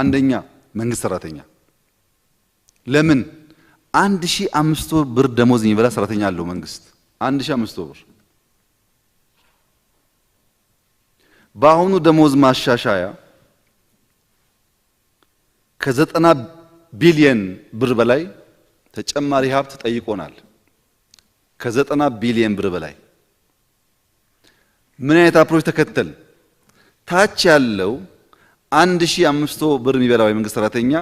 አንደኛ መንግስት ሰራተኛ ለምን አንድ ሺህ አምስት ወር ብር ደሞዝ የሚበላ ሰራተኛ አለው መንግስት አንድ ሺህ አምስት ብር በአሁኑ ደሞዝ ማሻሻያ ከዘጠና ቢሊየን ብር በላይ ተጨማሪ ሀብት ጠይቆናል። ከዘጠና ቢሊየን ብር በላይ ምን አይነት አፕሮች ተከተል ታች ያለው አንድ ሺህ አምስት መቶ ብር የሚበላው የመንግስት ሰራተኛ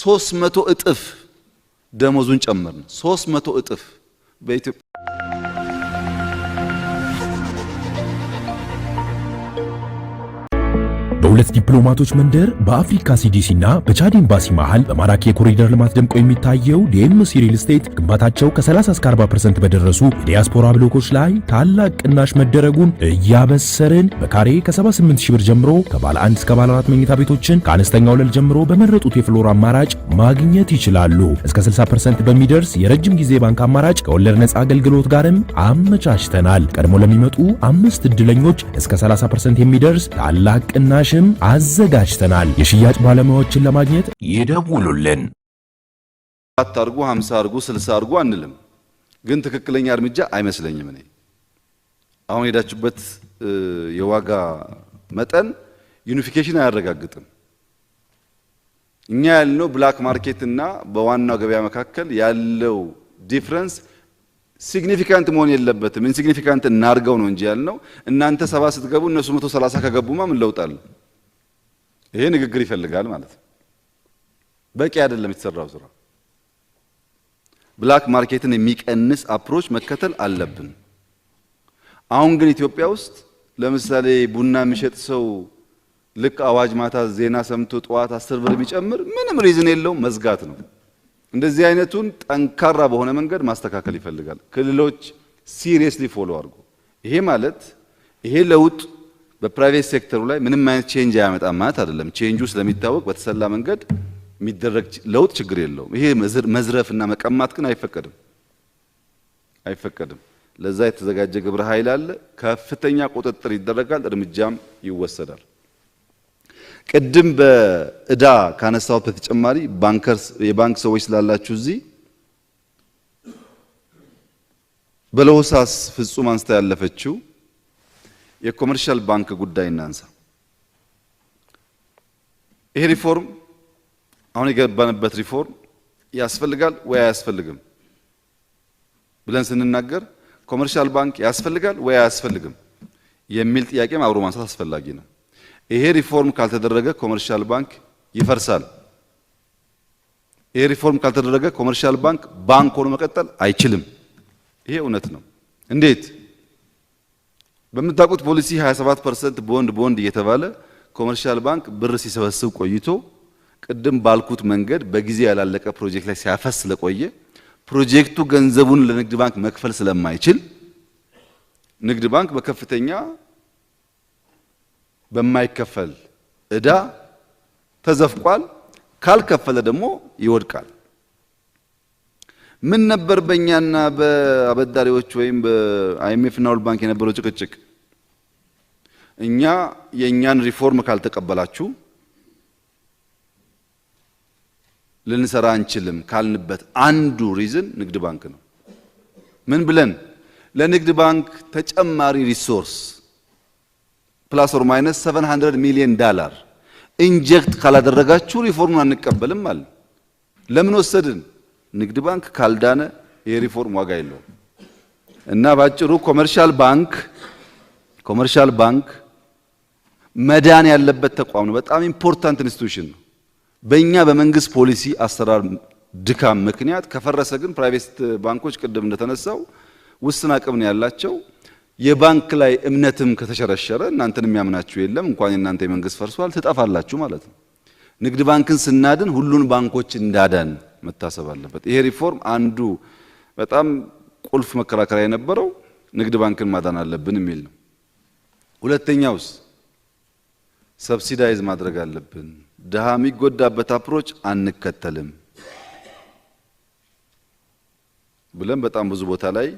ሶስት መቶ እጥፍ ደሞዙን ጨምር ነው። ሶስት መቶ እጥፍ በኢትዮጵያ በሁለት ዲፕሎማቶች መንደር በአፍሪካ ሲዲሲ እና በቻድ ኤምባሲ መሃል በማራኪ የኮሪደር ልማት ደምቆ የሚታየው ዲኤምሲ ሪል ስቴት ግንባታቸው ከ30 እስከ 40% በደረሱ የዲያስፖራ ብሎኮች ላይ ታላቅ ቅናሽ መደረጉን እያበሰርን በካሬ ከ78 ሺህ ብር ጀምሮ ከባለ አንድ እስከ ባለ አራት መኝታ ቤቶችን ከአነስተኛ ወለል ጀምሮ በመረጡት የፍሎር አማራጭ ማግኘት ይችላሉ። እስከ 60% በሚደርስ የረጅም ጊዜ ባንክ አማራጭ ከወለድ ነፃ አገልግሎት ጋርም አመቻችተናል። ቀድሞ ለሚመጡ አምስት እድለኞች እስከ 30% የሚደርስ ታላቅ ቅናሽ ምላሾችም አዘጋጅተናል። የሽያጭ ባለሙያዎችን ለማግኘት ይደውሉልን። አታርጉ፣ 50 አርጉ፣ 60 አርጉ አንልም፣ ግን ትክክለኛ እርምጃ አይመስለኝም። እኔ አሁን የሄዳችሁበት የዋጋ መጠን ዩኒፊኬሽን አያረጋግጥም። እኛ ያልነው ብላክ ማርኬት እና በዋናው ገበያ መካከል ያለው ዲፍረንስ ሲግኒፊካንት መሆን የለበትም። ኢንሲግኒፊካንት እናርገው ነው እንጂ ያልነው። እናንተ ሰባ ስትገቡ እነሱ መቶ ሰላሳ ከገቡማ ምን ለውጥ ይሄ ንግግር ይፈልጋል ማለት ነው። በቂ አይደለም የተሰራው ስራ። ብላክ ማርኬትን የሚቀንስ አፕሮች መከተል አለብን። አሁን ግን ኢትዮጵያ ውስጥ ለምሳሌ ቡና የሚሸጥ ሰው ልክ አዋጅ ማታ ዜና ሰምቶ ጠዋት አስር ብር የሚጨምር ምንም ሪዝን የለውም፣ መዝጋት ነው። እንደዚህ አይነቱን ጠንካራ በሆነ መንገድ ማስተካከል ይፈልጋል። ክልሎች ሲሪየስሊ ፎሎ አድርጎ ይሄ ማለት ይሄ ለውጥ በፕራይቬት ሴክተሩ ላይ ምንም አይነት ቼንጅ አያመጣም ማለት አይደለም። ቼንጁ ስለሚታወቅ በተሰላ መንገድ የሚደረግ ለውጥ ችግር የለውም። ይሄ መዝረፍና መቀማት ግን አይፈቀድም አይፈቀድም። ለዛ የተዘጋጀ ግብረ ኃይል አለ። ከፍተኛ ቁጥጥር ይደረጋል፣ እርምጃም ይወሰዳል። ቅድም በእዳ ካነሳሁት በተጨማሪ ባንከርስ የባንክ ሰዎች ስላላችሁ እዚህ በለሆሳስ ፍጹም አንስታ ያለፈችው የኮመርሻል ባንክ ጉዳይ እናንሳ። ይሄ ሪፎርም አሁን የገባንበት ሪፎርም ያስፈልጋል ወይ አያስፈልግም ብለን ስንናገር ኮመርሻል ባንክ ያስፈልጋል ወይ አያስፈልግም የሚል ጥያቄም አብሮ ማንሳት አስፈላጊ ነው። ይሄ ሪፎርም ካልተደረገ ኮመርሻል ባንክ ይፈርሳል። ይሄ ሪፎርም ካልተደረገ ኮመርሻል ባንክ ባንክ ሆኖ መቀጠል አይችልም። ይሄ እውነት ነው። እንዴት በምታውቁት ፖሊሲ 27 ፐርሰንት ቦንድ ቦንድ እየተባለ ኮመርሻል ባንክ ብር ሲሰበስብ ቆይቶ ቅድም ባልኩት መንገድ በጊዜ ያላለቀ ፕሮጀክት ላይ ሲያፈስ ስለቆየ ፕሮጀክቱ ገንዘቡን ለንግድ ባንክ መክፈል ስለማይችል ንግድ ባንክ በከፍተኛ በማይከፈል እዳ ተዘፍቋል። ካልከፈለ ደግሞ ይወድቃል። ምን ነበር በእኛና በአበዳሪዎች ወይም በአይኤምኤፍ ና ወርልድ ባንክ የነበረው ጭቅጭቅ? እኛ የእኛን ሪፎርም ካልተቀበላችሁ ልንሰራ አንችልም ካልንበት አንዱ ሪዝን ንግድ ባንክ ነው። ምን ብለን ለንግድ ባንክ ተጨማሪ ሪሶርስ ፕላስ ኦር ማይነስ 700 ሚሊዮን ዳላር ኢንጀክት ካላደረጋችሁ ሪፎርሙን አንቀበልም አለ። ለምን ወሰድን? ንግድ ባንክ ካልዳነ የሪፎርም ዋጋ የለውም እና ባጭሩ ኮመርሻል ባንክ ኮመርሻል ባንክ መዳን ያለበት ተቋም ነው። በጣም ኢምፖርታንት ኢንስቲትዩሽን ነው። በእኛ በመንግስት ፖሊሲ አሰራር ድካም ምክንያት ከፈረሰ ግን ፕራይቬት ባንኮች ቅድም እንደተነሳው ውስን አቅም ነው ያላቸው። የባንክ ላይ እምነትም ከተሸረሸረ እናንተን የሚያምናችሁ የለም። እንኳን የእናንተ የመንግስት ፈርሷል፣ ትጠፋላችሁ ማለት ነው። ንግድ ባንክን ስናድን ሁሉን ባንኮች እንዳዳን መታሰብ አለበት። ይሄ ሪፎርም አንዱ በጣም ቁልፍ መከራከሪያ የነበረው ንግድ ባንክን ማዳን አለብን የሚል ነው። ሁለተኛውስ ሰብሲዳይዝ ማድረግ አለብን። ድሃ የሚጎዳበት አፕሮች አንከተልም ብለን በጣም ብዙ ቦታ ላይ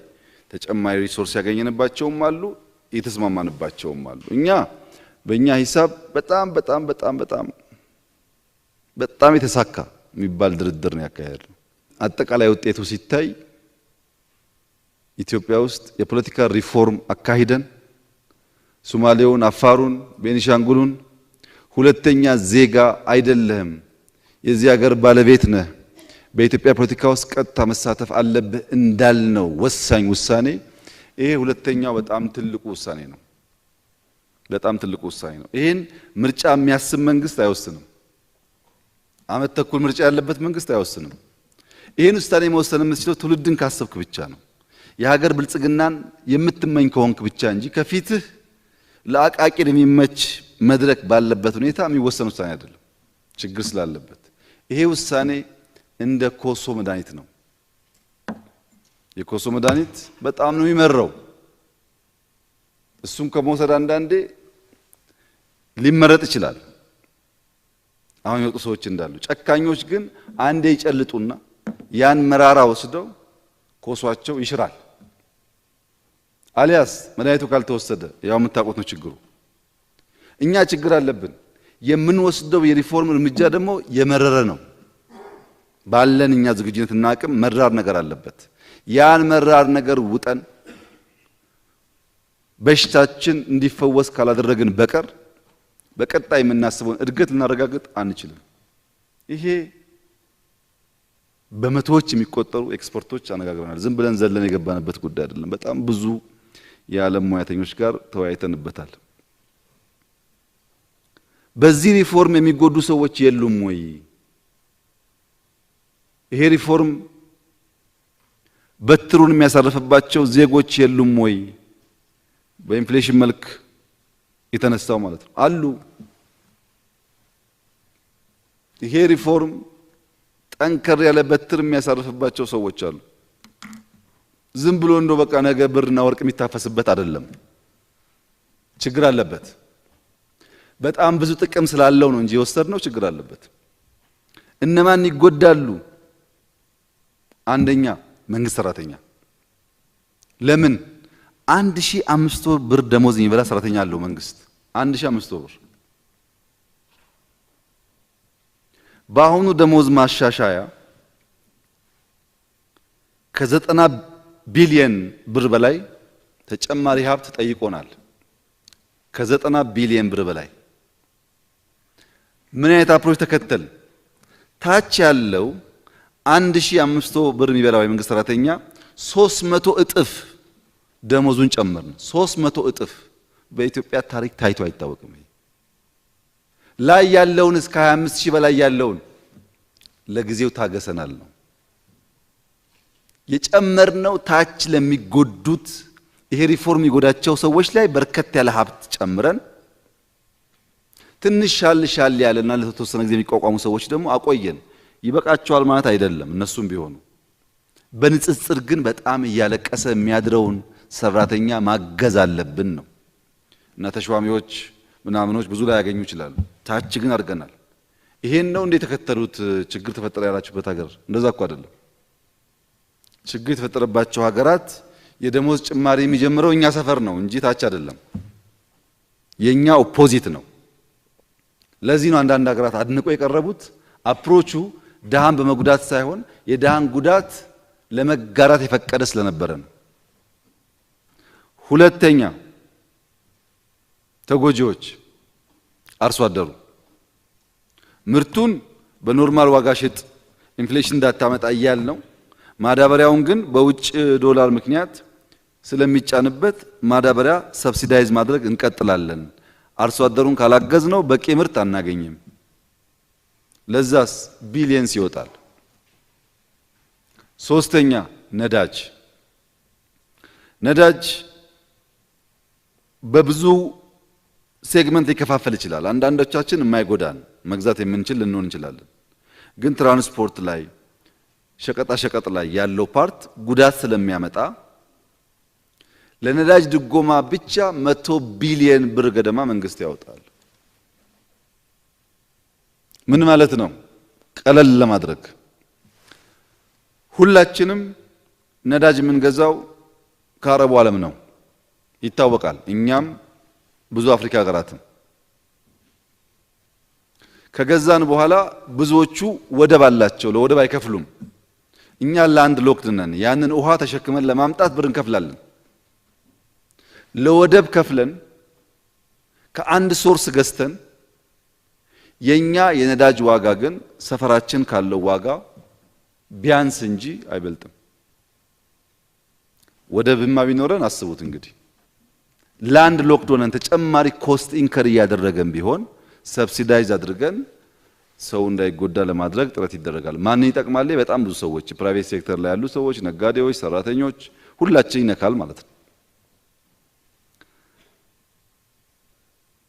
ተጨማሪ ሪሶርስ ያገኘንባቸውም አሉ፣ የተስማማንባቸውም አሉ። እኛ በእኛ ሂሳብ በጣም በጣም በጣም በጣም በጣም የተሳካ የሚባል ድርድር ነው ያካሄድ ነው። አጠቃላይ ውጤቱ ሲታይ ኢትዮጵያ ውስጥ የፖለቲካ ሪፎርም አካሂደን ሶማሌውን፣ አፋሩን፣ ቤኒሻንጉሉን ሁለተኛ ዜጋ አይደለህም፣ የዚህ ሀገር ባለቤት ነህ፣ በኢትዮጵያ ፖለቲካ ውስጥ ቀጥታ መሳተፍ አለብህ እንዳልነው ወሳኝ ውሳኔ ይሄ ሁለተኛው በጣም ትልቁ ውሳኔ ነው። በጣም ትልቁ ውሳኔ ነው። ይህን ምርጫ የሚያስብ መንግስት አይወስንም። ዓመት ተኩል ምርጫ ያለበት መንግስት አይወስንም። ይህን ውሳኔ መወሰን የምትችለው ትውልድን ካሰብክ ብቻ ነው። የሀገር ብልጽግናን የምትመኝ ከሆንክ ብቻ እንጂ ከፊትህ ለአቃቂን የሚመች መድረክ ባለበት ሁኔታ የሚወሰን ውሳኔ አይደለም፣ ችግር ስላለበት። ይሄ ውሳኔ እንደ ኮሶ መድኃኒት ነው። የኮሶ መድኃኒት በጣም ነው የሚመረው። እሱን ከመውሰድ አንዳንዴ ሊመረጥ ይችላል። አሁን የወጡ ሰዎች እንዳሉ ጨካኞች ግን አንዴ ይጨልጡና ያን መራራ ወስደው ኮሷቸው ይሽራል። አሊያስ መድኃኒቱ ካልተወሰደ ያው የምታውቁት ነው ችግሩ። እኛ ችግር አለብን። የምንወስደው የሪፎርም እርምጃ ደግሞ የመረረ ነው። ባለን እኛ ዝግጁነትና አቅም መራር ነገር አለበት። ያን መራር ነገር ውጠን በሽታችን እንዲፈወስ ካላደረግን በቀር በቀጣይ የምናስበውን እድገት ልናረጋግጥ አንችልም። ይሄ በመቶዎች የሚቆጠሩ ኤክስፐርቶች አነጋግረናል። ዝም ብለን ዘለን የገባንበት ጉዳይ አይደለም። በጣም ብዙ የዓለም ሙያተኞች ጋር ተወያይተንበታል። በዚህ ሪፎርም የሚጎዱ ሰዎች የሉም ወይ? ይሄ ሪፎርም በትሩን የሚያሳርፍባቸው ዜጎች የሉም ወይ? በኢንፍሌሽን መልክ የተነሳው ማለት ነው አሉ። ይሄ ሪፎርም ጠንከር ያለ በትር የሚያሳርፍባቸው ሰዎች አሉ። ዝም ብሎ እንዶ በቃ ነገ ብርና ወርቅ የሚታፈስበት አይደለም። ችግር አለበት። በጣም ብዙ ጥቅም ስላለው ነው እንጂ የወሰድነው ችግር አለበት። እነማን ይጎዳሉ? አንደኛ መንግስት ሰራተኛ ለምን አንድ ሺህ አምስት ወር ብር ደሞዝ የሚበላ ሰራተኛ አለው መንግስት። አንድ ሺህ አምስት ብር በአሁኑ ደሞዝ ማሻሻያ ከዘጠና ቢሊየን ብር በላይ ተጨማሪ ሀብት ጠይቆናል። ከዘጠና ቢሊየን ብር በላይ ምን አይነት አፕሮች ተከተል? ታች ያለው አንድ ሺህ አምስት ብር የሚበላ የመንግስት ሰራተኛ ሶስት መቶ እጥፍ ደሞዙን ጨመርን። ሶስት መቶ እጥፍ በኢትዮጵያ ታሪክ ታይቶ አይታወቅም። ላይ ያለውን እስከ 25 ሺህ በላይ ያለውን ለጊዜው ታገሰናል ነው የጨመርነው። ታች ለሚጎዱት ይሄ ሪፎርም የሚጎዳቸው ሰዎች ላይ በርከት ያለ ሀብት ጨምረን ትንሽ ሻል ሻል ያለና ለተወሰነ ጊዜ የሚቋቋሙ ሰዎች ደግሞ አቆየን። ይበቃቸዋል ማለት አይደለም እነሱም ቢሆኑ በንጽጽር ግን በጣም እያለቀሰ የሚያድረውን ሰራተኛ ማገዝ አለብን ነው እና ተሿሚዎች ምናምኖች ብዙ ላይ ያገኙ ይችላሉ። ታች ግን አድርገናል። ይሄን ነው እንደ የተከተሉት ችግር ተፈጠረ ያላችሁበት ሀገር፣ እንደዛ እኮ አይደለም። ችግር የተፈጠረባቸው ሀገራት የደሞዝ ጭማሪ የሚጀምረው እኛ ሰፈር ነው እንጂ ታች አይደለም። የእኛ ኦፖዚት ነው። ለዚህ ነው አንዳንድ ሀገራት አድንቆ የቀረቡት። አፕሮቹ ድሃን በመጉዳት ሳይሆን የድሃን ጉዳት ለመጋራት የፈቀደ ስለነበረ ነው። ሁለተኛ ተጎጂዎች አርሶ አደሩ ምርቱን በኖርማል ዋጋ ሽጥ፣ ኢንፍሌሽን እንዳታመጣ እያል ነው። ማዳበሪያውን ግን በውጭ ዶላር ምክንያት ስለሚጫንበት ማዳበሪያ ሰብሲዳይዝ ማድረግ እንቀጥላለን። አርሶ አደሩን ካላገዝ ነው በቂ ምርት አናገኝም። ለዛስ ቢሊየንስ ይወጣል። ሶስተኛ ነዳጅ ነዳጅ በብዙ ሴግመንት ሊከፋፈል ይችላል። አንዳንዶቻችን የማይጎዳን መግዛት የምንችል ልንሆን እንችላለን። ግን ትራንስፖርት ላይ ሸቀጣ ሸቀጥ ላይ ያለው ፓርት ጉዳት ስለሚያመጣ ለነዳጅ ድጎማ ብቻ መቶ ቢሊየን ብር ገደማ መንግስት ያወጣል። ምን ማለት ነው? ቀለል ለማድረግ ሁላችንም ነዳጅ የምንገዛው ከአረቡ ዓለም ነው። ይታወቃል። እኛም ብዙ አፍሪካ ሀገራትም ከገዛን በኋላ ብዙዎቹ ወደብ አላቸው፣ ለወደብ አይከፍሉም። እኛ ለአንድ ሎክድ ነን። ያንን ውሃ ተሸክመን ለማምጣት ብር እንከፍላለን። ለወደብ ከፍለን ከአንድ ሶርስ ገዝተን የኛ የነዳጅ ዋጋ ግን ሰፈራችን ካለው ዋጋ ቢያንስ እንጂ አይበልጥም። ወደብማ ቢኖረን አስቡት እንግዲህ ላንድ ሎክድ ሆነን ተጨማሪ ኮስት ኢንከር እያደረገን ቢሆን ሰብሲዳይዝ አድርገን ሰው እንዳይጎዳ ለማድረግ ጥረት ይደረጋል። ማንን ይጠቅማል? በጣም ብዙ ሰዎች፣ ፕራይቬት ሴክተር ላይ ያሉ ሰዎች፣ ነጋዴዎች፣ ሰራተኞች፣ ሁላችን ይነካል ማለት ነው።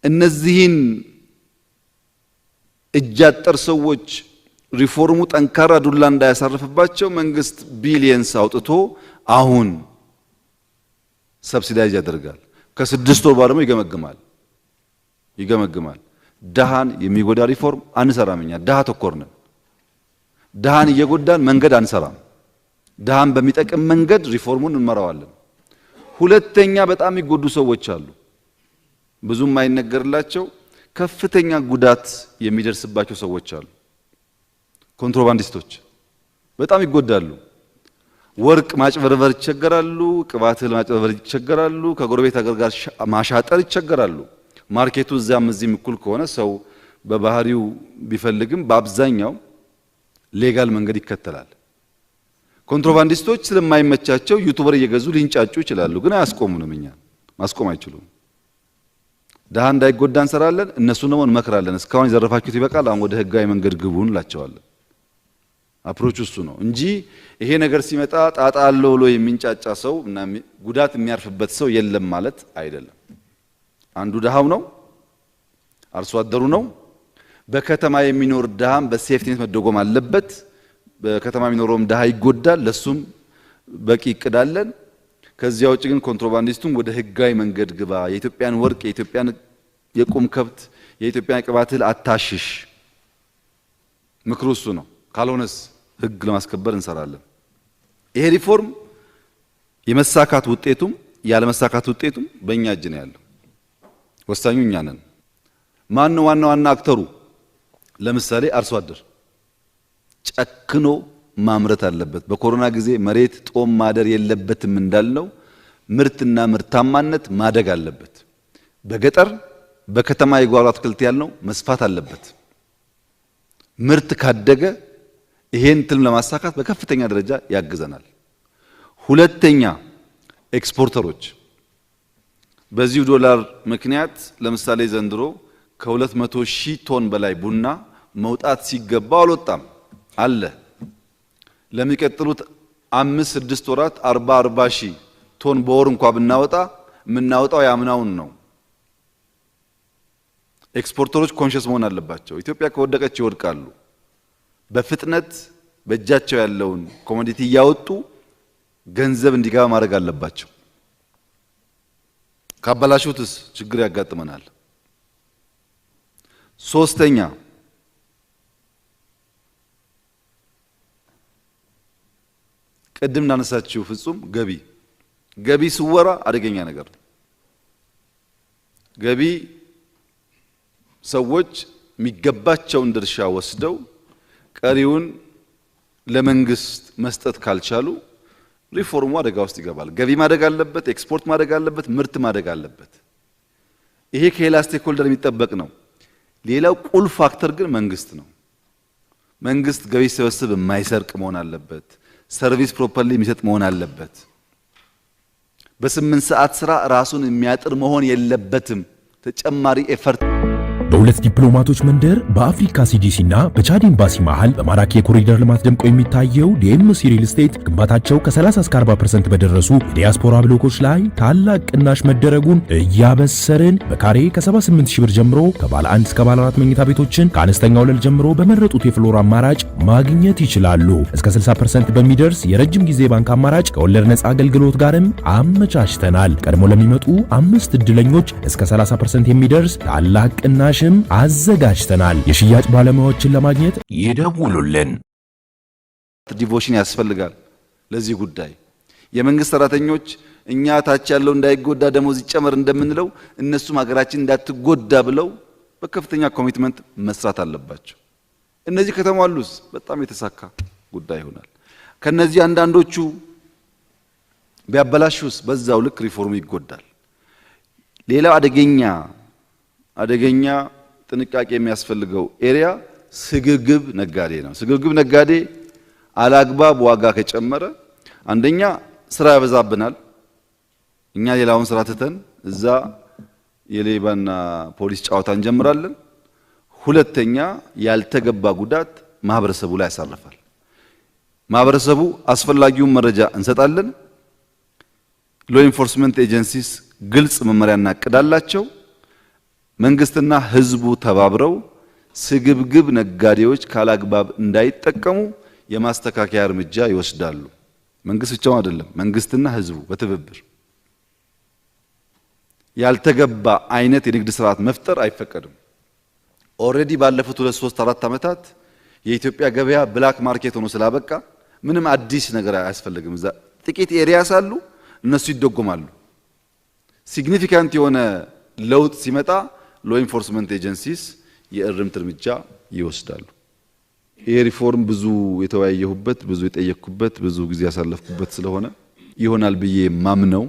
እነዚህን እጃጠር ሰዎች ሪፎርሙ ጠንካራ ዱላ እንዳያሳርፍባቸው መንግስት ቢሊየንስ አውጥቶ አሁን ሰብሲዳይዝ ያደርጋል። ከስድስት ወር ባለሙ ይገመግማል ይገመግማል። ድሃን የሚጎዳ ሪፎርም አንሰራም። እኛ ድሃ ተኮር ነን። ድሃን እየጎዳን መንገድ አንሰራም። ድሃን በሚጠቅም መንገድ ሪፎርሙን እንመራዋለን። ሁለተኛ በጣም የሚጎዱ ሰዎች አሉ። ብዙም አይነገርላቸው ከፍተኛ ጉዳት የሚደርስባቸው ሰዎች አሉ። ኮንትሮባንዲስቶች በጣም ይጎዳሉ። ወርቅ ማጭበርበር ይቸገራሉ፣ ቅባት እህል ማጭበርበር ይቸገራሉ፣ ከጎረቤት ሀገር ጋር ማሻጠር ይቸገራሉ። ማርኬቱ እዚያም እዚህም እኩል ከሆነ ሰው በባህሪው ቢፈልግም በአብዛኛው ሌጋል መንገድ ይከተላል። ኮንትሮባንዲስቶች ስለማይመቻቸው ዩቱበር እየገዙ ሊንጫጩ ይችላሉ፣ ግን አያስቆሙንም። እኛ ማስቆም አይችሉም። ድሀ እንዳይጎዳ እንሰራለን፣ እነሱን ደግሞ እንመክራለን። እስካሁን የዘረፋችሁት ይበቃል፣ አሁን ወደ ህጋዊ መንገድ ግቡ እንላቸዋለን። አፕሮች እሱ ነው እንጂ ይሄ ነገር ሲመጣ ጣጣ አለው ብሎ የሚንጫጫ ሰው እና ጉዳት የሚያርፍበት ሰው የለም ማለት አይደለም። አንዱ ድሃው ነው፣ አርሶ አደሩ ነው። በከተማ የሚኖር ድሃም በሴፍቲኔት መደጎም አለበት። በከተማ የሚኖረውም ድሃ ይጎዳል። ለሱም በቂ እቅዳለን። ከዚያ ውጭ ግን ኮንትሮባንዲስቱም ወደ ህጋዊ መንገድ ግባ፣ የኢትዮጵያን ወርቅ፣ የኢትዮጵያን የቁም ከብት፣ የኢትዮጵያን ቅባት እህል አታሽሽ። ምክሩ እሱ ነው። ካልሆነስ ህግ ለማስከበር እንሰራለን። ይሄ ሪፎርም የመሳካት ውጤቱም ያለመሳካት ውጤቱም በእኛ እጅ ነው ያለው። ወሳኙ እኛ ነን። ማን ነው ዋና ዋና አክተሩ? ለምሳሌ አርሶ አደር ጨክኖ ማምረት አለበት። በኮሮና ጊዜ መሬት ጦም ማደር የለበትም እንዳልነው ምርትና ምርታማነት ማደግ አለበት። በገጠር በከተማ የጓሮ አትክልት ያልነው መስፋት አለበት። ምርት ካደገ ይሄን ትልም ለማሳካት በከፍተኛ ደረጃ ያግዘናል። ሁለተኛ ኤክስፖርተሮች በዚሁ ዶላር ምክንያት ለምሳሌ ዘንድሮ ከ200 ሺህ ቶን በላይ ቡና መውጣት ሲገባው አልወጣም አለ። ለሚቀጥሉት አምስት ስድስት ወራት 40 40 ሺህ ቶን በወር እንኳ ብናወጣ የምናወጣው ያምናውን ነው። ኤክስፖርተሮች ኮንሽስ መሆን አለባቸው። ኢትዮጵያ ከወደቀች ይወድቃሉ። በፍጥነት በእጃቸው ያለውን ኮሞዲቲ እያወጡ ገንዘብ እንዲገባ ማድረግ አለባቸው። ካበላሹትስ ችግር ያጋጥመናል። ሶስተኛ ቅድም እንዳነሳችሁ ፍጹም ገቢ ገቢ ስወራ አደገኛ ነገር ነው። ገቢ ሰዎች የሚገባቸውን ድርሻ ወስደው ቀሪውን ለመንግስት መስጠት ካልቻሉ ሪፎርሙ አደጋ ውስጥ ይገባል። ገቢ ማደግ አለበት፣ ኤክስፖርት ማደግ አለበት፣ ምርት ማደግ አለበት። ይሄ ከሌላ ስቴክሆልደር የሚጠበቅ ነው። ሌላው ቁልፍ ፋክተር ግን መንግስት ነው። መንግስት ገቢ ሲሰበስብ የማይሰርቅ መሆን አለበት። ሰርቪስ ፕሮፐርሊ የሚሰጥ መሆን አለበት። በስምንት ሰዓት ስራ ራሱን የሚያጥር መሆን የለበትም። ተጨማሪ ኤፈርት የሁለት ዲፕሎማቶች መንደር በአፍሪካ ሲዲሲ ና በቻድ ኤምባሲ መሃል በማራኪ የኮሪደር ልማት ደምቆ የሚታየው ዲኤምሲ ሪል ስቴት ግንባታቸው ከ30 እስከ 40% በደረሱ የዲያስፖራ ብሎኮች ላይ ታላቅ ቅናሽ መደረጉን እያበሰርን በካሬ ከ78000 ብር ጀምሮ ከባለ አንድ እስከ ባለ አራት መኝታ ቤቶችን ከአነስተኛ ወለል ጀምሮ በመረጡት የፍሎር አማራጭ ማግኘት ይችላሉ። እስከ 60% በሚደርስ የረጅም ጊዜ ባንክ አማራጭ ከወለድ ነፃ አገልግሎት ጋርም አመቻችተናል። ቀድሞ ለሚመጡ አምስት እድለኞች እስከ 30% የሚደርስ ታላቅ ቅናሽ ። ፕሮግራሞችንም አዘጋጅተናል። የሽያጭ ባለሙያዎችን ለማግኘት ይደውሉልን። ዲቮሽን ያስፈልጋል ለዚህ ጉዳይ የመንግስት ሰራተኞች እኛ ታች ያለው እንዳይጎዳ ደሞዝ ይጨመር እንደምንለው እነሱም ሀገራችን እንዳትጎዳ ብለው በከፍተኛ ኮሚትመንት መስራት አለባቸው። እነዚህ ከተሟሉስ በጣም የተሳካ ጉዳይ ይሆናል። ከነዚህ አንዳንዶቹ ቢያበላሹስ በዛው ልክ ሪፎርሙ ይጎዳል። ሌላው አደገኛ አደገኛ ጥንቃቄ የሚያስፈልገው ኤሪያ ስግብግብ ነጋዴ ነው። ስግብግብ ነጋዴ አላግባብ ዋጋ ከጨመረ አንደኛ ስራ ያበዛብናል። እኛ ሌላውን ስራ ትተን እዛ የሌባና ፖሊስ ጨዋታ እንጀምራለን። ሁለተኛ ያልተገባ ጉዳት ማህበረሰቡ ላይ ያሳርፋል። ማህበረሰቡ አስፈላጊውን መረጃ እንሰጣለን። ሎ ኢንፎርስመንት ኤጀንሲስ ግልጽ መመሪያ እናቅዳላቸው። መንግስትና ህዝቡ ተባብረው ስግብግብ ነጋዴዎች ካላግባብ እንዳይጠቀሙ የማስተካከያ እርምጃ ይወስዳሉ። መንግስት ብቻው አይደለም፣ መንግስትና ህዝቡ በትብብር ያልተገባ አይነት የንግድ ስርዓት መፍጠር አይፈቀድም። ኦልሬዲ ባለፉት ሁለት ሶስት አራት ዓመታት የኢትዮጵያ ገበያ ብላክ ማርኬት ሆኖ ስላበቃ ምንም አዲስ ነገር አያስፈልግም። እዛ ጥቂት ኤሪያስ አሉ፣ እነሱ ይደጎማሉ። ሲግኒፊካንት የሆነ ለውጥ ሲመጣ ሎ ኢንፎርስመንት ኤጀንሲስ የእርምት እርምጃ ይወስዳሉ። ይሄ ሪፎርም ብዙ የተወያየሁበት ብዙ የጠየቅኩበት ብዙ ጊዜ ያሳለፍኩበት ስለሆነ ይሆናል ብዬ ማምነው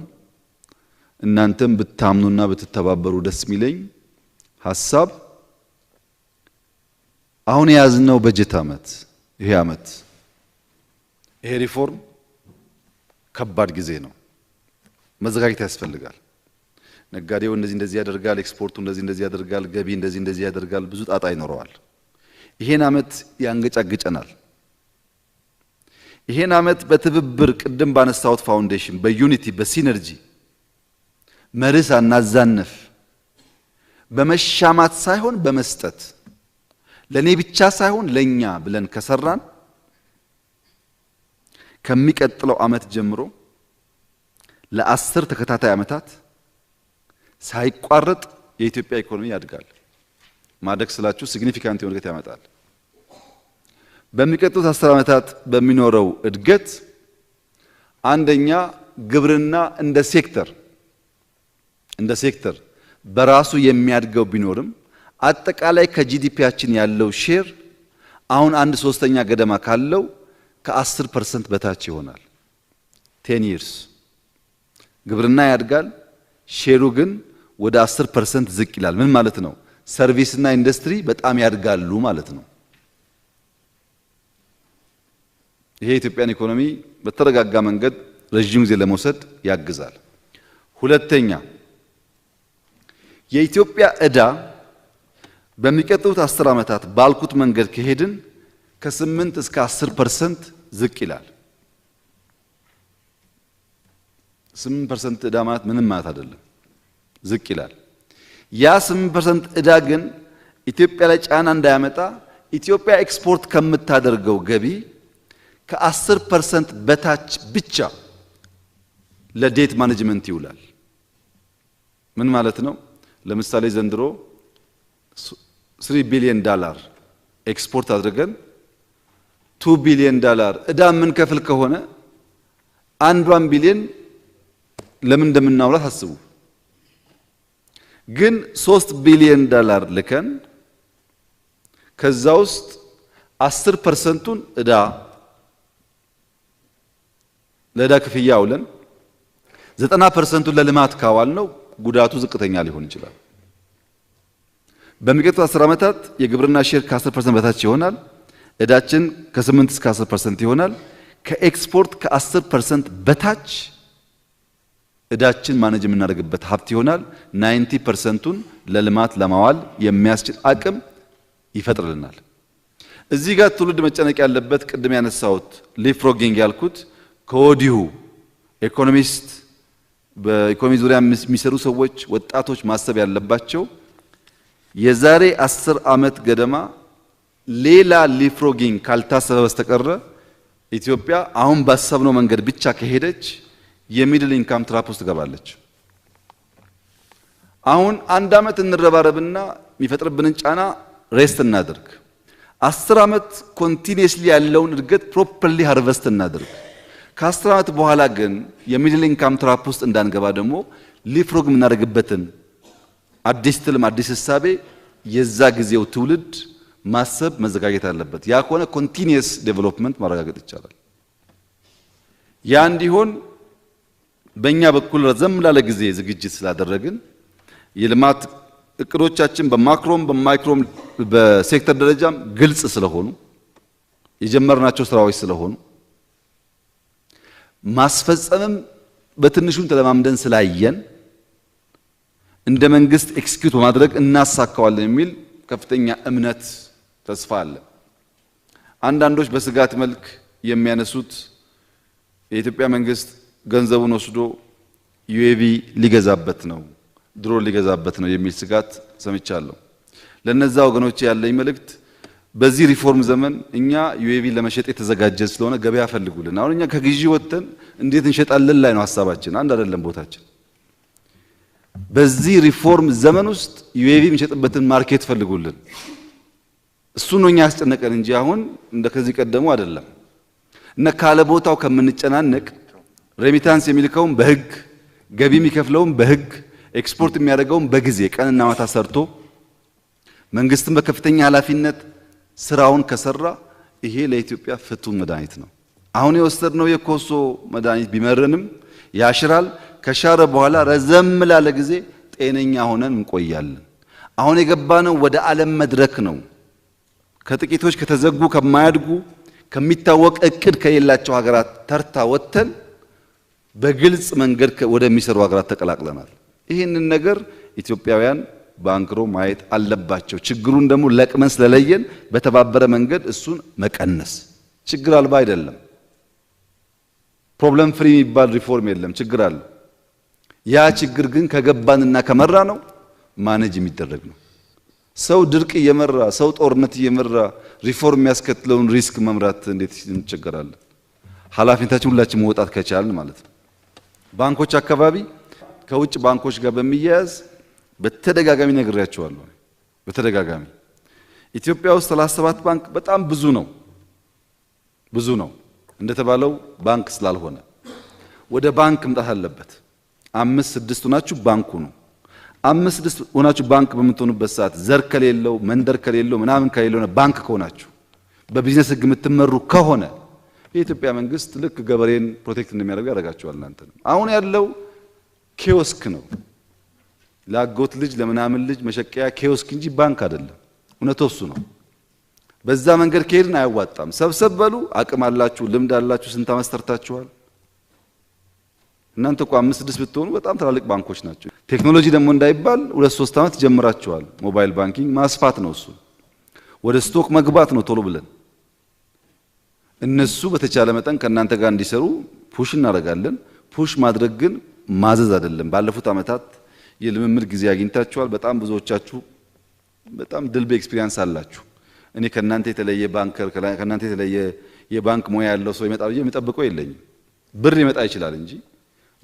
እናንተም ብታምኑና ብትተባበሩ ደስ የሚለኝ ሀሳብ አሁን የያዝነው በጀት ዓመት ይሄ ዓመት ይሄ ሪፎርም ከባድ ጊዜ ነው። መዘጋጀት ያስፈልጋል። ነጋዴው እንደዚህ እንደዚህ ያደርጋል፣ ኤክስፖርቱ እንደዚህ እንደዚህ ያደርጋል፣ ገቢ እንደዚህ እንደዚህ ያደርጋል፣ ብዙ ጣጣ ይኖረዋል። ይሄን አመት ያንገጫግጨናል። ይሄን አመት በትብብር ቅድም ባነሳሁት ፋውንዴሽን በዩኒቲ በሲነርጂ መርህ ሳናዛነፍ በመሻማት ሳይሆን በመስጠት ለእኔ ብቻ ሳይሆን ለእኛ ብለን ከሰራን ከሚቀጥለው አመት ጀምሮ ለአስር ተከታታይ አመታት። ሳይቋረጥ የኢትዮጵያ ኢኮኖሚ ያድጋል። ማደግ ስላችሁ ሲግኒፊካንት የሆነ እድገት ያመጣል። በሚቀጥሉት አስር ዓመታት በሚኖረው እድገት አንደኛ ግብርና እንደ ሴክተር እንደ ሴክተር በራሱ የሚያድገው ቢኖርም አጠቃላይ ከጂዲፒያችን ያለው ሼር አሁን አንድ ሶስተኛ ገደማ ካለው ከ10 ፐርሰንት በታች ይሆናል። ቴን ይርስ ግብርና ያድጋል ሼሩ ግን ወደ 10 ፐርሰንት ዝቅ ይላል። ምን ማለት ነው? እና ኢንዱስትሪ በጣም ያድጋሉ ማለት ነው። ይሄ የኢትዮጵያን ኢኮኖሚ በተረጋጋ መንገድ ረዥም ጊዜ ለመውሰድ ያግዛል። ሁለተኛ የኢትዮጵያ እዳ በሚቀጥሉት አስር ዓመታት ባልኩት መንገድ ከሄድን ከ8 እስከ 10 ፐርሰንት ዝቅ ይላል። 8 ፐርሰንት ዕዳ ማለት ምንም ማለት አይደለም። ዝቅ ይላል። ያ 8% እዳ ግን ኢትዮጵያ ላይ ጫና እንዳያመጣ ኢትዮጵያ ኤክስፖርት ከምታደርገው ገቢ ከ10% በታች ብቻ ለዴት ማኔጅመንት ይውላል። ምን ማለት ነው? ለምሳሌ ዘንድሮ 3 ቢሊዮን ዳላር ኤክስፖርት አድርገን 2 ቢሊዮን ዳላር ምን ከፍል ከሆነ አንዷን ቢሊዮን ለምን እንደምናውላት አስቡ። ግን ሶስት ቢሊዮን ዶላር ልከን ከዛ ውስጥ አስር ፐርሰንቱን እዳ ለእዳ ክፍያ አውለን ዘጠና ፐርሰንቱን ለልማት ካዋል ነው ጉዳቱ ዝቅተኛ ሊሆን ይችላል። በሚቀጥሉት አስር ዓመታት የግብርና ሼር ከአስር ፐርሰንት በታች ይሆናል። እዳችን ከ8 እስከ አስር ፐርሰንት ይሆናል። ከኤክስፖርት ከአስር ፐርሰንት በታች እዳችን ማነጅ የምናደርግበት ሀብት ይሆናል። ናይንቲ ፐርሰንቱን ለልማት ለማዋል የሚያስችል አቅም ይፈጥርልናል። እዚህ ጋር ትውልድ መጨነቅ ያለበት ቅድም ያነሳሁት ሊፍሮጊንግ ያልኩት ከወዲሁ ኢኮኖሚስት በኢኮኖሚ ዙሪያ የሚሰሩ ሰዎች፣ ወጣቶች ማሰብ ያለባቸው የዛሬ አስር ዓመት ገደማ ሌላ ሊፍሮጊንግ ካልታሰበ በስተቀረ ኢትዮጵያ አሁን ባሰብነው መንገድ ብቻ ከሄደች የሚድል ኢንካም ትራፕ ውስጥ ትገባለች። አሁን አንድ አመት እንረባረብና የሚፈጥርብንን ጫና ሬስት እናድርግ። አስር ዓመት ኮንቲኒየስሊ ያለውን እድገት ፕሮፐርሊ ሃርቨስት እናድርግ። ከአስር ዓመት በኋላ ግን የሚድል ኢንካም ትራፕ ውስጥ እንዳንገባ ደግሞ ሊፍሮግ የምናደርግበትን አዲስ ትልም አዲስ ህሳቤ የዛ ጊዜው ትውልድ ማሰብ መዘጋጀት አለበት። ያ ከሆነ ኮንቲኒየስ ዴቨሎፕመንት ማረጋገጥ ይቻላል። ያ እንዲሆን በእኛ በኩል ረዘም ላለ ጊዜ ዝግጅት ስላደረግን የልማት እቅዶቻችን በማክሮም በማይክሮም በሴክተር ደረጃም ግልጽ ስለሆኑ የጀመርናቸው ስራዎች ስለሆኑ ማስፈጸምም በትንሹም ተለማምደን ስላየን እንደ መንግስት ኤክስኪዩት በማድረግ እናሳካዋለን የሚል ከፍተኛ እምነት ተስፋ አለ። አንዳንዶች በስጋት መልክ የሚያነሱት የኢትዮጵያ መንግስት ገንዘቡን ወስዶ ዩኤቪ ሊገዛበት ነው፣ ድሮን ሊገዛበት ነው የሚል ስጋት ሰምቻለሁ። ለነዛ ወገኖች ያለኝ መልእክት በዚህ ሪፎርም ዘመን እኛ ዩኤቪ ለመሸጥ የተዘጋጀ ስለሆነ ገበያ ፈልጉልን። አሁን እኛ ከግዢ ወጥተን እንዴት እንሸጣለን ላይ ነው ሀሳባችን፣ አንድ አይደለም ቦታችን። በዚህ ሪፎርም ዘመን ውስጥ ዩኤቪ የሚሸጥበትን ማርኬት ፈልጉልን። እሱ ነው እኛ ያስጨነቀን እንጂ አሁን እንደ ከዚህ ቀደሙ አይደለም እና ካለ ቦታው ከምንጨናነቅ ሬሚታንስ የሚልከውም በህግ ገቢ የሚከፍለውም በህግ ኤክስፖርት የሚያደርገውም በጊዜ ቀንና ማታ ሰርቶ መንግስትም በከፍተኛ ኃላፊነት ስራውን ከሰራ ይሄ ለኢትዮጵያ ፍቱን መድኃኒት ነው። አሁን የወሰድነው የኮሶ መድኃኒት ቢመረንም ያሽራል። ከሻረ በኋላ ረዘም ላለ ጊዜ ጤነኛ ሆነን እንቆያለን። አሁን የገባነው ወደ ዓለም መድረክ ነው። ከጥቂቶች ከተዘጉ ከማያድጉ ከሚታወቅ እቅድ ከሌላቸው ሀገራት ተርታ ወጥተን በግልጽ መንገድ ወደሚሰሩ ሀገራት ተቀላቅለናል። ይህንን ነገር ኢትዮጵያውያን በአንክሮ ማየት አለባቸው። ችግሩን ደግሞ ለቅመን ስለለየን በተባበረ መንገድ እሱን መቀነስ ችግር አልባ አይደለም። ፕሮብለም ፍሪ የሚባል ሪፎርም የለም፣ ችግር አለ። ያ ችግር ግን ከገባንና ከመራ ነው ማነጅ የሚደረግ ነው። ሰው ድርቅ እየመራ ሰው ጦርነት እየመራ ሪፎርም የሚያስከትለውን ሪስክ መምራት እንዴት እንቸገራለን? ኃላፊነታችን ሁላችን መወጣት ከቻልን ማለት ነው። ባንኮች አካባቢ ከውጭ ባንኮች ጋር በሚያያዝ በተደጋጋሚ ነግሬያቸዋለሁ። በተደጋጋሚ ኢትዮጵያ ውስጥ 37 ባንክ በጣም ብዙ ነው፣ ብዙ ነው። እንደተባለው ባንክ ስላልሆነ ወደ ባንክ መምጣት አለበት። አምስት ስድስት ሆናችሁ ባንኩ ነው። አምስት ስድስት ሆናችሁ ባንክ በምትሆኑበት ሰዓት ዘር ከሌለው መንደር ከሌለው ምናምን ከሌለው ባንክ ከሆናችሁ በቢዝነስ ሕግ የምትመሩ ከሆነ የኢትዮጵያ መንግስት ልክ ገበሬን ፕሮቴክት እንደሚያደርግ ያደርጋቸዋል። እናንተንም አሁን ያለው ኬዮስክ ነው። ለአጎት ልጅ ለምናምን ልጅ መሸቀያ ኬዮስክ እንጂ ባንክ አይደለም። እውነት እሱ ነው። በዛ መንገድ ከሄድን አያዋጣም። ሰብሰብ በሉ፣ አቅም አላችሁ፣ ልምድ አላችሁ፣ ስንት ዓመት ሰርታችኋል። እናንተ እኮ አምስት ስድስት ብትሆኑ በጣም ትላልቅ ባንኮች ናቸው። ቴክኖሎጂ ደግሞ እንዳይባል ሁለት ሶስት ዓመት ጀምራችኋል። ሞባይል ባንኪንግ ማስፋት ነው እሱ፣ ወደ ስቶክ መግባት ነው ቶሎ ብለን እነሱ በተቻለ መጠን ከእናንተ ጋር እንዲሰሩ ፑሽ እናደርጋለን። ፑሽ ማድረግ ግን ማዘዝ አይደለም። ባለፉት ዓመታት የልምምድ ጊዜ አግኝታችኋል። በጣም ብዙዎቻችሁ በጣም ድልብ ኤክስፒሪያንስ አላችሁ። እኔ ከእናንተ የተለየ ባንከር ከእናንተ የተለየ የባንክ ሙያ ያለው ሰው ይመጣል ብዬ የሚጠብቀው የለኝም። ብር ይመጣ ይችላል እንጂ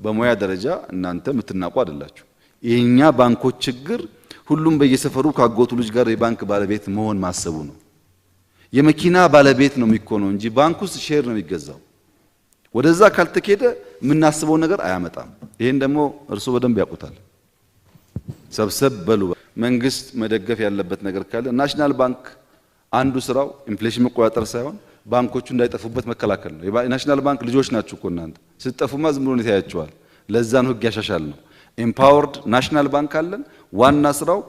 በሙያ ደረጃ እናንተ የምትናቁ አይደላችሁ። የእኛ ባንኮች ችግር ሁሉም በየሰፈሩ ካጎቱ ልጅ ጋር የባንክ ባለቤት መሆን ማሰቡ ነው። የመኪና ባለቤት ነው የሚኮነው እንጂ ባንክ ውስጥ ሼር ነው የሚገዛው። ወደዛ ካልተኬደ የምናስበው ነገር አያመጣም። ይሄን ደግሞ እርስዎ በደንብ ያውቁታል። ሰብሰብ በሉ። መንግስት መደገፍ ያለበት ነገር ካለ ናሽናል ባንክ አንዱ ስራው ኢንፍሌሽን መቆጣጠር ሳይሆን ባንኮቹ እንዳይጠፉበት መከላከል ነው። የናሽናል ባንክ ልጆች ናችሁ እኮ እናንተ። ስትጠፉማ ዝም ብሎ ይታያቸዋል። ለዛ ነው ህግ ያሻሻል ነው። ኤምፓወርድ ናሽናል ባንክ አለን። ዋና ስራው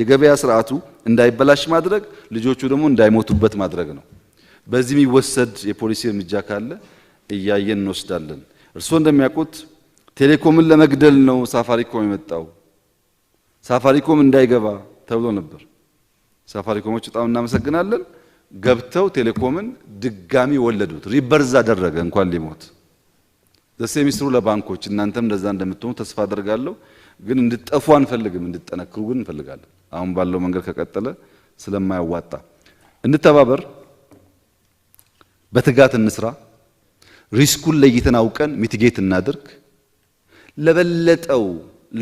የገበያ ስርዓቱ እንዳይበላሽ ማድረግ፣ ልጆቹ ደግሞ እንዳይሞቱበት ማድረግ ነው። በዚህ የሚወሰድ የፖሊሲ እርምጃ ካለ እያየን እንወስዳለን። እርስዎ እንደሚያውቁት ቴሌኮምን ለመግደል ነው ሳፋሪኮም የመጣው። ሳፋሪኮም እንዳይገባ ተብሎ ነበር። ሳፋሪኮሞች በጣም እናመሰግናለን። ገብተው ቴሌኮምን ድጋሚ ወለዱት። ሪበርዝ አደረገ እንኳን ሊሞት ዘሴ ሚስሩ ለባንኮች እናንተም እንደዛ እንደምትሆኑ ተስፋ አደርጋለሁ። ግን እንድጠፉ አንፈልግም፣ እንድጠነክሩ ግን እንፈልጋለን። አሁን ባለው መንገድ ከቀጠለ ስለማያዋጣ እንተባበር፣ በትጋት እንስራ፣ ሪስኩን ለይተን አውቀን ሚቲጌት እናድርግ። ለበለጠው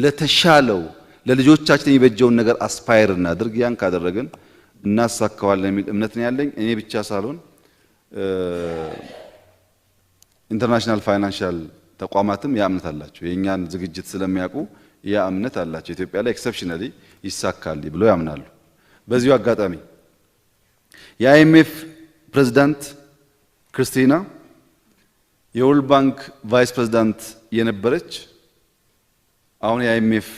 ለተሻለው ለልጆቻችን የበጀውን ነገር አስፓየር እናድርግ። ያን ካደረግን እናሳካዋለን የሚል እምነት ነው ያለኝ። እኔ ብቻ ሳልሆን ኢንተርናሽናል ፋይናንሻል ተቋማትም ያ እምነት አላቸው። የእኛን ዝግጅት ስለሚያውቁ ያ እምነት አላቸው። ኢትዮጵያ ላይ ኤክሰፕሽናሊ ይሳካል ብለው ያምናሉ። በዚሁ አጋጣሚ የአይኤምኤፍ ፕሬዚዳንት ክርስቲና የወርልድ ባንክ ቫይስ ፕሬዚዳንት የነበረች አሁን የአይኤምኤፍ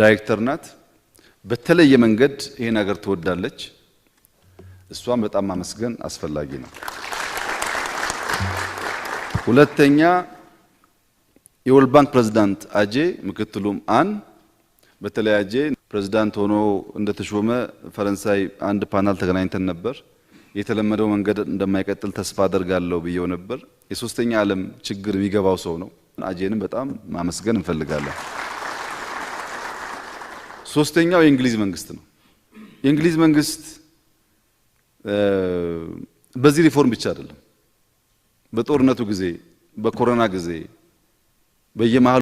ዳይሬክተር ናት። በተለየ መንገድ ይህን ሀገር ትወዳለች። እሷን በጣም ማመስገን አስፈላጊ ነው። ሁለተኛ የወርልድ ባንክ ፕሬዝዳንት አጄ ምክትሉም አን በተለይ አጄ ፕሬዝዳንት ሆኖ እንደተሾመ ፈረንሳይ አንድ ፓናል ተገናኝተን ነበር። የተለመደው መንገድ እንደማይቀጥል ተስፋ አደርጋለሁ ብዬው ነበር። የሶስተኛ ዓለም ችግር የሚገባው ሰው ነው። አጄንም በጣም ማመስገን እንፈልጋለን። ሶስተኛው የእንግሊዝ መንግስት ነው። የእንግሊዝ መንግስት በዚህ ሪፎርም ብቻ አይደለም፣ በጦርነቱ ጊዜ፣ በኮሮና ጊዜ በየመሃሉ